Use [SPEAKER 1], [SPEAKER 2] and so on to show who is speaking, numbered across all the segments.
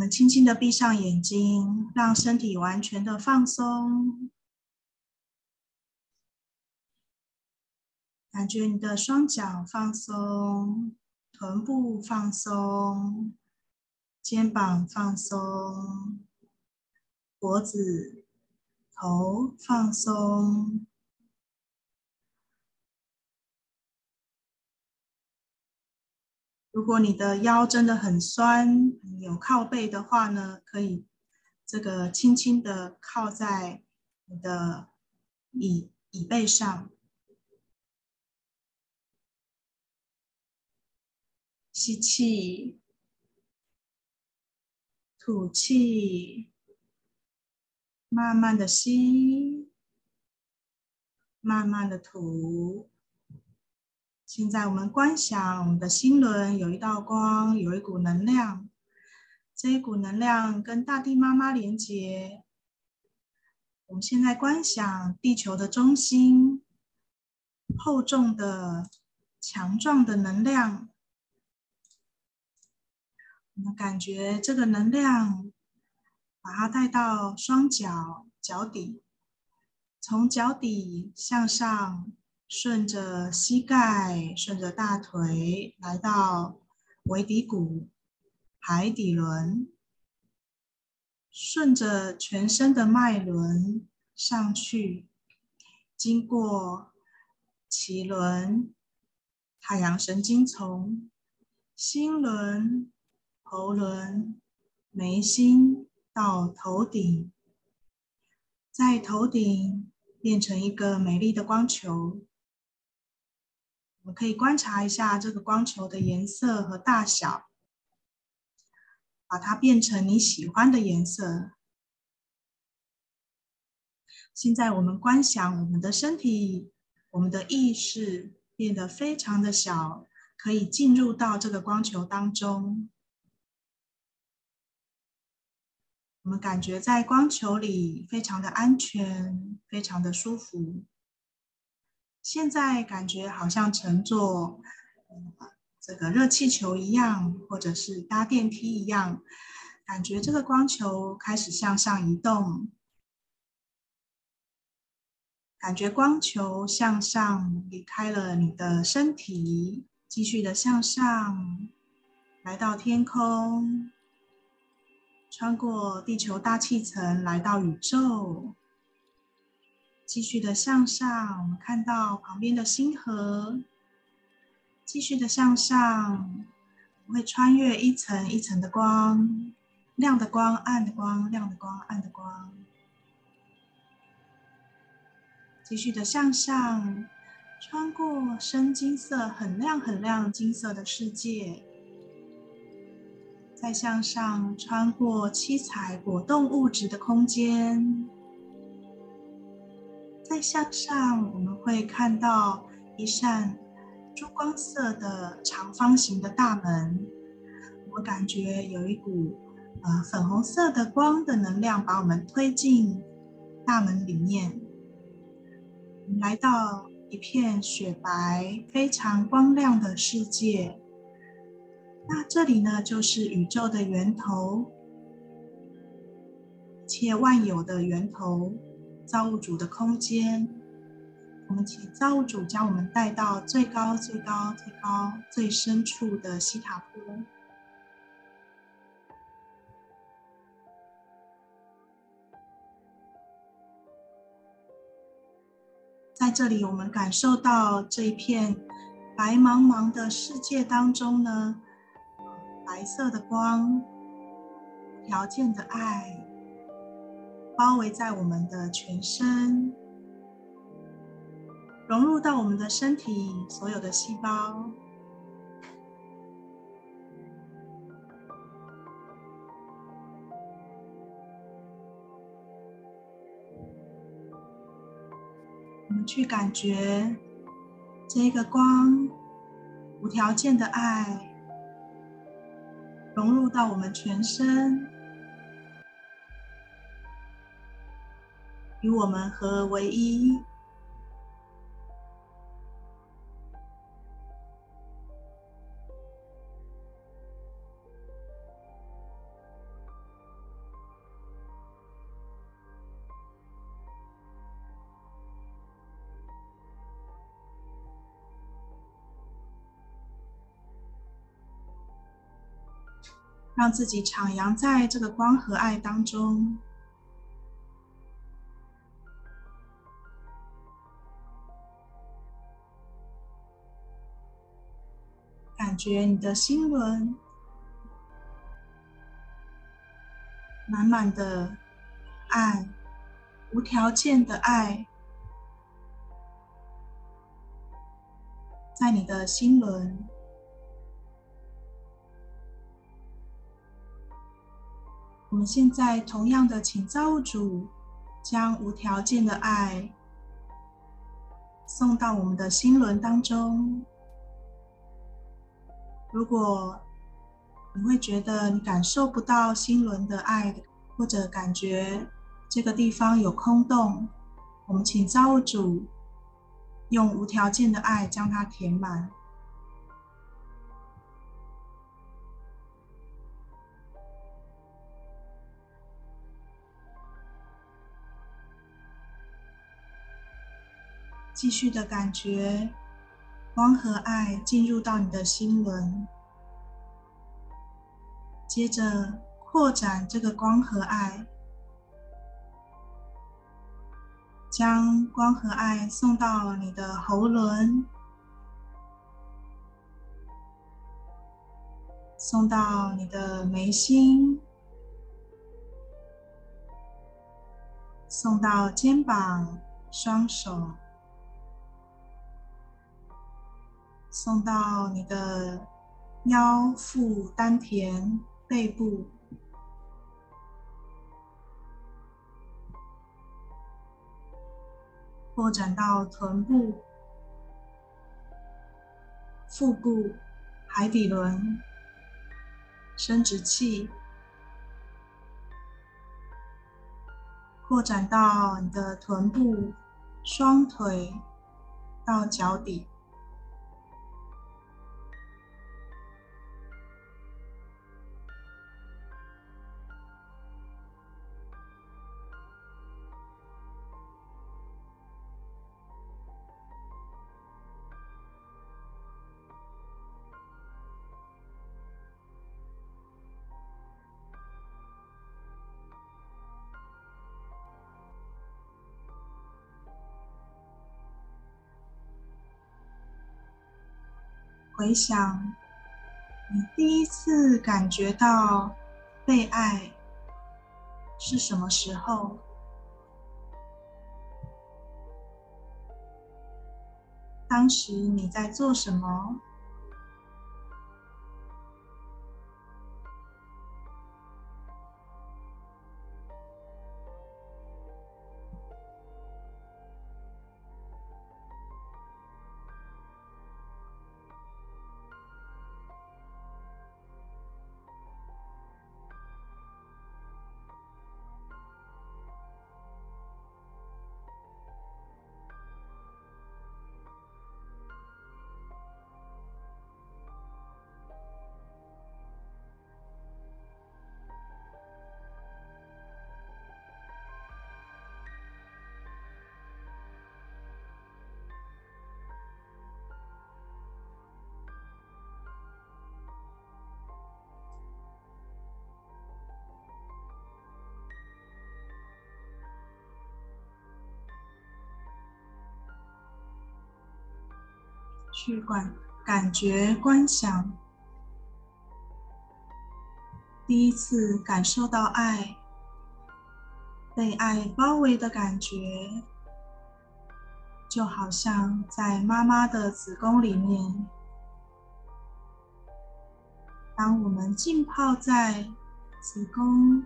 [SPEAKER 1] 我們輕輕地閉上眼睛，讓身體完全的放鬆，感覺你的雙腳放鬆，臀部放鬆，肩膀放鬆，脖子、頭放鬆。如果你的腰真的很酸，有靠背的話呢，可以這個輕輕的靠在你的椅椅背上，吸氣，吐氣，慢慢的吸，慢慢的吐。現在我們觀想我們的心輪有一道光，有一股能量。這一股能量跟大地媽媽連接。我們現在觀想地球的中心，厚重的、強壯的能量。我們感覺這個能量，把它帶到雙腳腳底，從腳底向上。順着膝蓋，順着大腿，來到尾骶骨、海底輪，順着全身的脈輪上去，經過臍輪、太陽神經叢、心輪、喉輪、眉心到頭頂，在頭頂變成一個美麗的光球。我們可以觀察一下這個光球的顏色和大小，把它變成你喜歡的顏色。現在我們觀想我們的身體，我們的意識變得非常的小，可以進入到這個光球當中。我們感覺在光球裡非常的安全，非常的舒服。現在感覺好像乘坐這個熱氣球一樣，或者是搭電梯一樣，感覺這個光球開始向上移動，感覺光球向上離開了你的身體，繼續的向上，來到天空，穿過地球大氣層，來到宇宙。繼續的向上，我們看到旁邊的星河。繼續的向上，我會穿越一層一層的光，亮的光，暗的光，亮的光，暗的光。繼續的向上，穿過深金色、很亮很亮金色的世界，再向上穿過七彩果凍物質的空間。向上，我們會看到一扇珠光色的長方形的大門。我感覺有一股呃粉紅色的光的能量把我們推進大門裡面，來到一片雪白、非常光亮的世界。那這裡呢，就是宇宙的源頭，一切萬有的源頭。造物主的空間，我們請造物主將我們帶到最高、最高、最高、最深處的希塔波。在這裡，我們感受到這一片白茫茫的世界當中呢，白色的光，無條件的愛。包圍在我們的全身，融入到我們的身體所有的細胞。我們去感覺這個光，無條件的愛，融入到我們全身。與我們合而為一，讓自己徜徉在這個光和愛當中。.覺你的心輪滿滿的愛，無條件的愛，在你的心輪。我們現在同樣的，請造物主將無條件的愛送到我們的心輪當中。如果你會覺得你感受不到心輪的愛，或者感覺這個地方有空洞，我們請造物主用無條件的愛將它填滿。繼續的感覺。光和愛進入到你的心輪，接着擴展這個光和愛，將光和愛送到你的喉輪，送到你的眉心，送到肩膀、雙手。送到你的腰腹丹田、背部，擴展到臀部、腹部、海底輪、生殖器，擴展到你的臀部、雙腿到腳底。回想，你第一次感覺到被愛是什麼時候？當時你在做什麼？去感感覺、觀想，第一次感受到愛，被愛包圍的感覺，就好像在媽媽的子宮裡面，當我們浸泡在子宮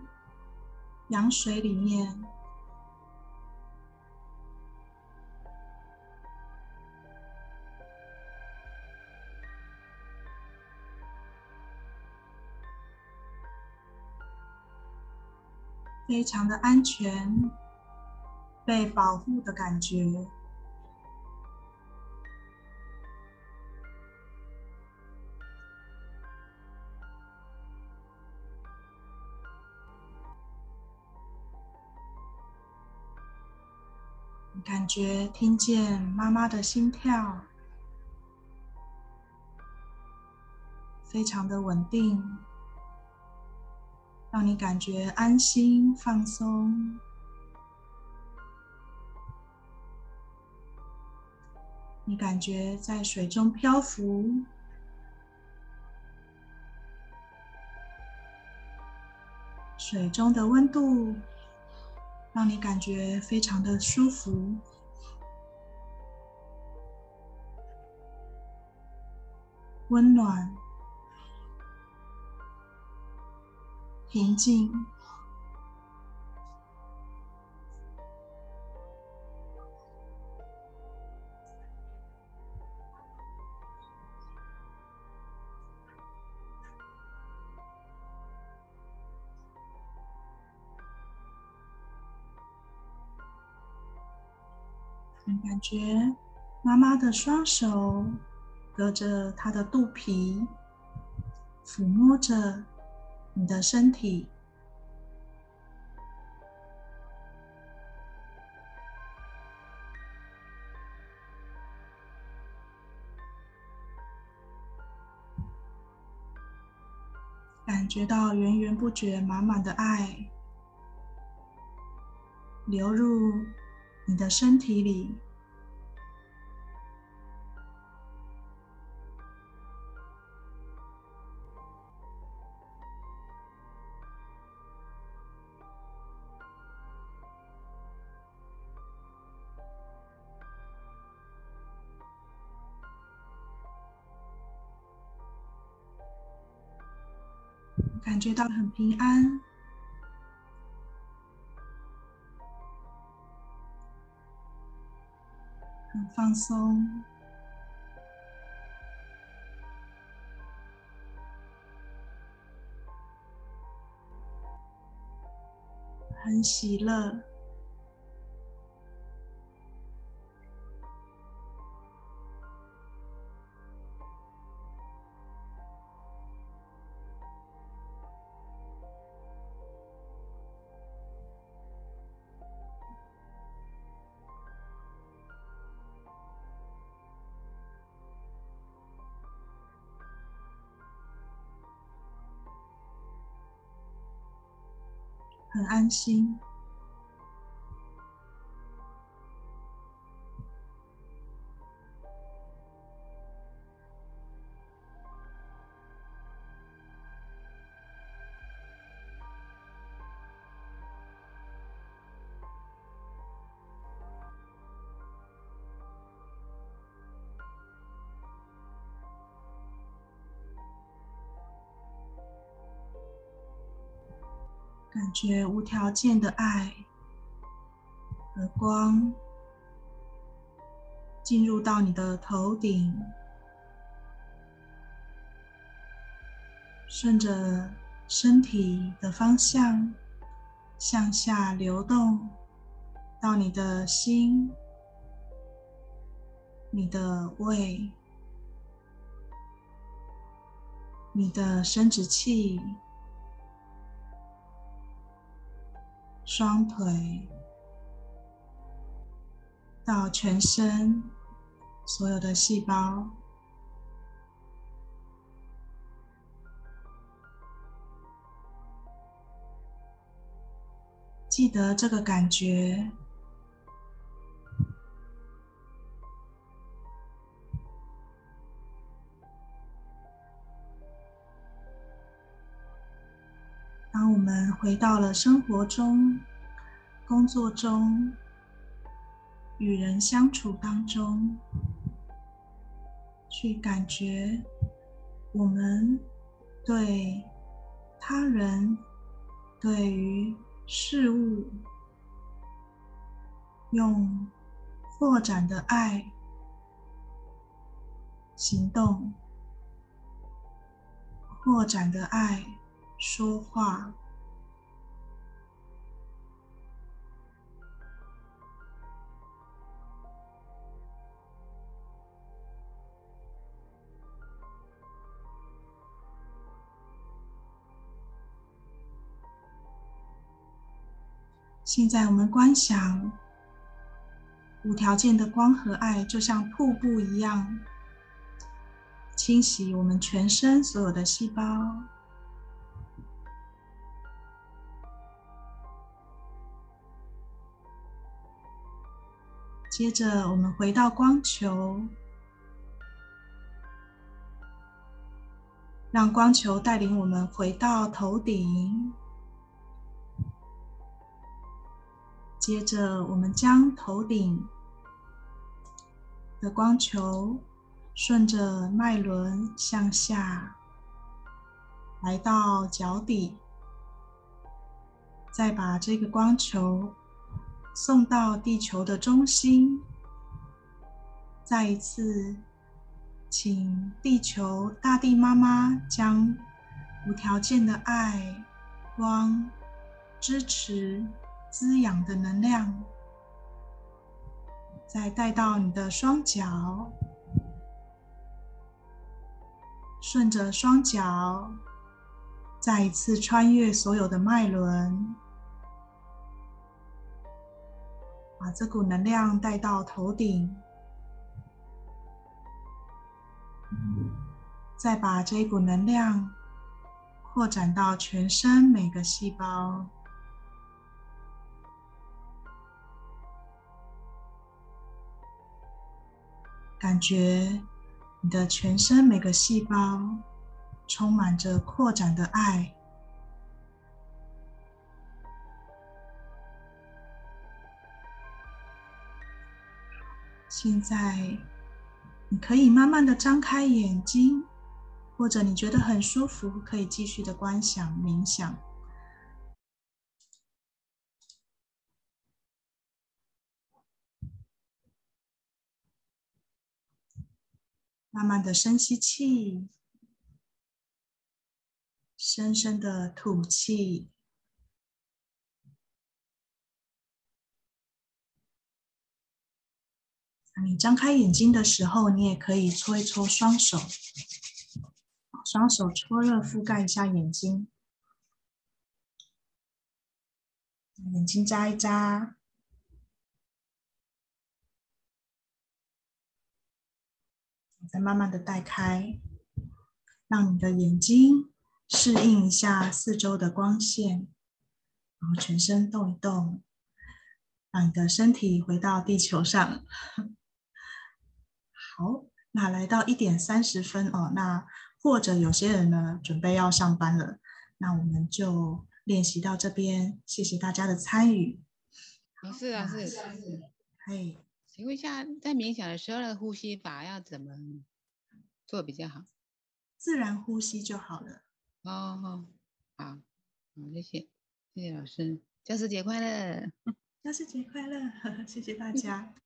[SPEAKER 1] 羊水裡面。非常的安全，被保護的感覺，感覺聽見媽媽的心跳，非常的穩定。讓你感覺安心放鬆，你感覺在水中漂浮，水中的溫度讓你感覺非常的舒服，溫暖。平靜，感覺媽媽的雙手隔着她的肚皮撫摸着。你的身體感覺到源源不絕、滿滿的愛流入你的身體裡。感覺到很平安，很放鬆，很喜樂。很安心。感覺無條件的愛和光進入到你的頭頂，順着身體的方向向下流動，到你的心、你的胃、你的生殖器。雙腿到全身，所有的細胞，記得這個感覺。我們回到了生活中、工作中、與人相處當中，去感覺我們對他人、對於事物，用擴展的愛行動，擴展的愛說話。現在我們觀想，無條件的光和愛就像瀑布一樣，清洗我們全身所有的細胞。接着，我們回到光球，讓光球帶領我們回到頭頂。接着，我們將頭頂的光球順着脈輪向下，來到腳底，再把這個光球送到地球的中心。再一次，請地球大地媽媽將無條件的愛、光、支持。滋養的能量，再帶到你的雙腳，順着雙腳，再一次穿越所有的脈輪，把這股能量帶到頭頂，再把這一股能量擴展到全身每個細胞。感覺你的全身每個細胞充滿着擴展的愛。現在你可以慢慢的張開眼睛，或者你覺得很舒服，可以繼續的觀想冥想。慢慢的深吸氣，深深的吐氣。你張開眼睛的時候，你也可以搓一搓雙手，雙手搓熱覆蓋一下眼睛，眼睛眨一眨。慢慢的帶開，讓你的眼睛適應一下四周的光線，然後全身動一動，讓你的身體回到地球上。好，那來到一點三十分哦，那或者有些人呢準備要上班了，那我們就練習到這邊。謝謝大家的參與。好，是啊，是，嗨。請問一下，在冥想的時候的呼吸法要怎麼做比較好？自然呼吸就好了。哦，哦，好，好，謝謝，謝謝老師，教師節快樂！教師節快樂，呵呵，謝謝大家。嗯